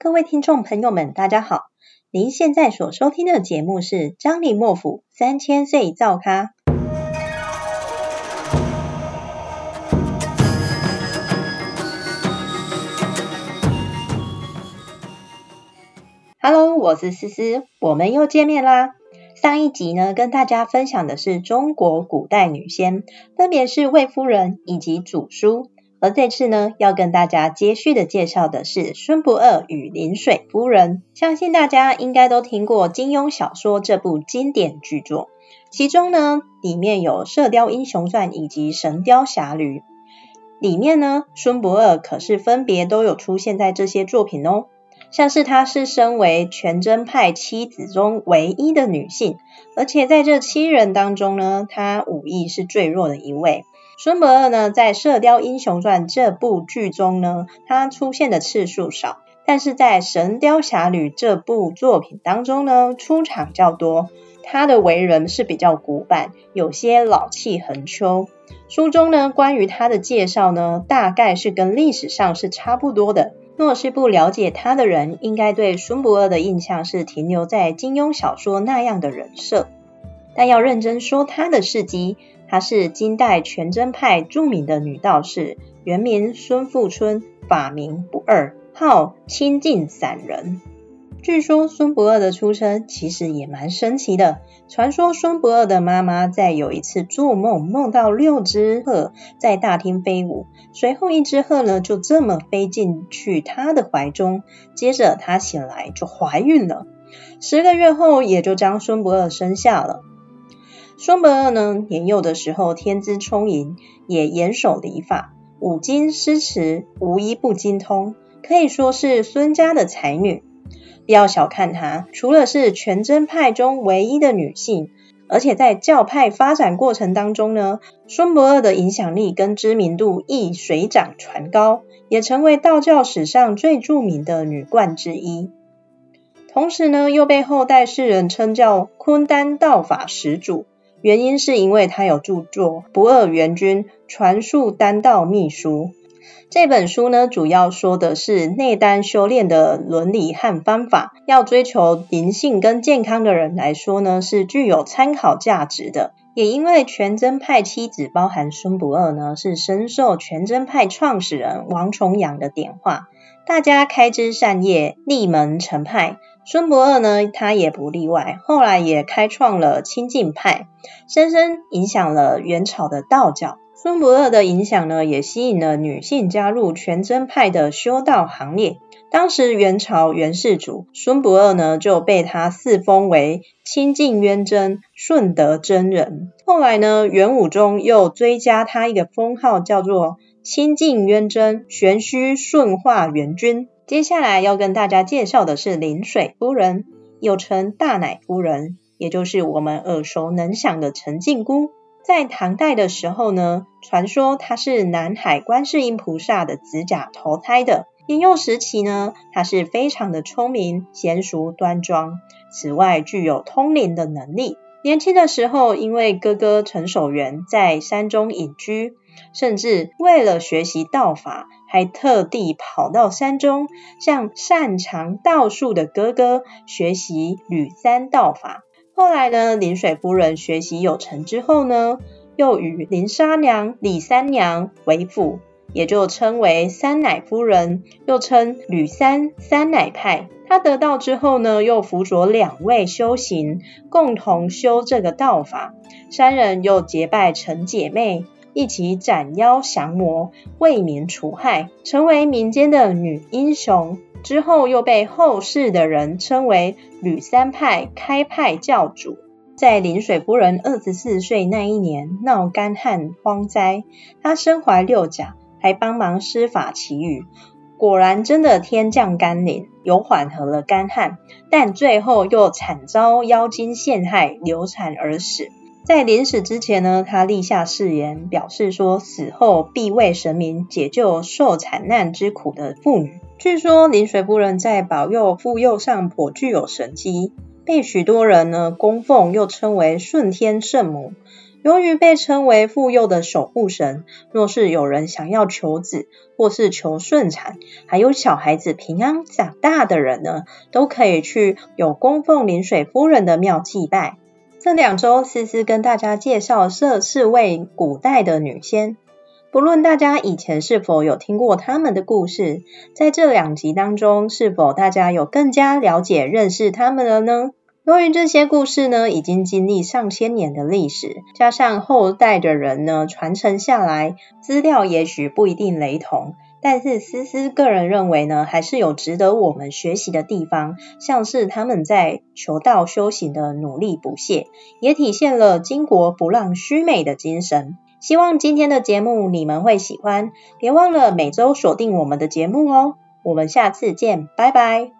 各位聽眾朋友們，大家好！您現在所收聽的節目是張力《張李莫府三千歲造咖》。Hello，我是思思，我們又見面啦！上一集呢，跟大家分享的是中國古代女仙，分別是魏夫人以及祖書而這次呢，要跟大家接續的介紹的是孫不二與臨水夫人。相信大家應該都聽過金庸小說這部經典巨作，其中呢裡面有《射雕英雄傳》以及《神雕俠侶》，裡面呢孫不二可是分別都有出現在這些作品哦。像是她是身為全真派七子中唯一的女性，而且在這七人當中呢，她武藝是最弱的一位。孫不二呢，在《射鵰英雄傳》這部劇中呢，他出現的次數少；但是在《神鵰俠侶》這部作品當中呢，出場較多。他的為人是比較古板，有些老氣橫秋。書中呢，關於他的介紹呢，大概是跟歷史上是差不多的。若是不了解他的人，應該對孫不二的印象是停留在金庸小說那樣的人設。但要認真說他的事蹟。她是金代全真派著名的女道士，原名孫富春，法名不二，號清淨散人。據說孫不二的出生其實也蠻神奇的。傳說孫不二的媽媽在有一次做夢，夢到六只鶴在大廳飛舞，隨後一只鶴呢就這麼飛進去她的懷中，接着她醒來就懷孕了，十個月後也就將孫不二生下了。孫不二呢，年幼的時候天資聰穎，也嚴守禮法，五經詩詞無一不精通，可以說是孫家的才女。不要小看她，除了是全真派中唯一的女性，而且在教派發展過程當中呢，孫不二的影響力跟知名度亦水漲船高，也成為道教史上最著名的女冠之一。同時呢，又被後代世人稱叫坤丹道法始祖。原因是因為他有著作《不二元君傳述丹道秘書》這本書呢，主要說的是內丹修煉的倫理和方法。要追求靈性跟健康的人來說呢，是具有參考價值的。也因為全真派七子包含孫不二呢，是深受全真派創始人王重陽的點化，大家開枝散葉，立門成派。孫不二呢，他也不例外，後來也開創了清淨派，深深影響了元朝的道教。孫不二的影響呢，也吸引了女性加入全真派的修道行列。當時元朝元世祖孫不二呢，就被他賜封為清淨淵真順德真人。後來呢，元武宗又追加他一個封號，叫做清淨淵真玄虛順化元君。接下來要跟大家介紹的是臨水夫人，又稱大奶夫人，也就是我們耳熟能詳的陳靖姑。在唐代的時候呢，傳說她是南海觀世音菩薩的指甲投胎的。嬰幼時期呢，她是非常的聰明、嫻淑、端莊。此外，具有通靈的能力。年輕的時候，因為哥哥陳守元在山中隱居，甚至為了學習道法。還特地跑到山中，向擅長道術的哥哥學習閭山道法。後來呢，臨水夫人學習有成之後呢，又與林紗娘、李三娘為夫，也就稱為三奶夫人，又稱閭山三奶派。她得道之後呢，又輔佐兩位修行，共同修這個道法，三人又結拜成姐妹。一起斬妖降魔，為民除害，成為民間的女英雄。之後又被後世的人稱為閭山派開派教主。在臨水夫人二十四歲那一年，鬧乾旱荒災，她身懷六甲，還幫忙施法祈雨，果然真的天降甘霖，有緩和了乾旱。但最後又慘遭妖精陷害，流產而死。在臨死之前呢，她立下誓言，表示說死後必為神明解救，受產難之苦的婦女。據說臨水夫人在保佑婦幼上頗具有神蹟，被許多人呢供奉，又稱為順天聖母，由於被稱為婦幼的守護神，若是有人想要求子，或是求順產，還有小孩子平安長大的人呢，都可以去有供奉臨水夫人的廟祭拜。這兩周思思跟大家介紹這四位古代的女仙，不論大家以前是否有聽過她們的故事，在這兩集當中，是否大家有更加了解認識她們了呢？由於這些故事呢，已經經歷上千年的歷史，加上後代的人呢傳承下來，資料也許不一定雷同。但是思思個人認為呢，還是有值得我們學習的地方，像是他們在求道修行的努力不懈，也體現了巾幗不讓須眉的精神。希望今天的節目你們會喜歡，別忘了每周鎖定我們的節目哦。我們下次見，拜拜。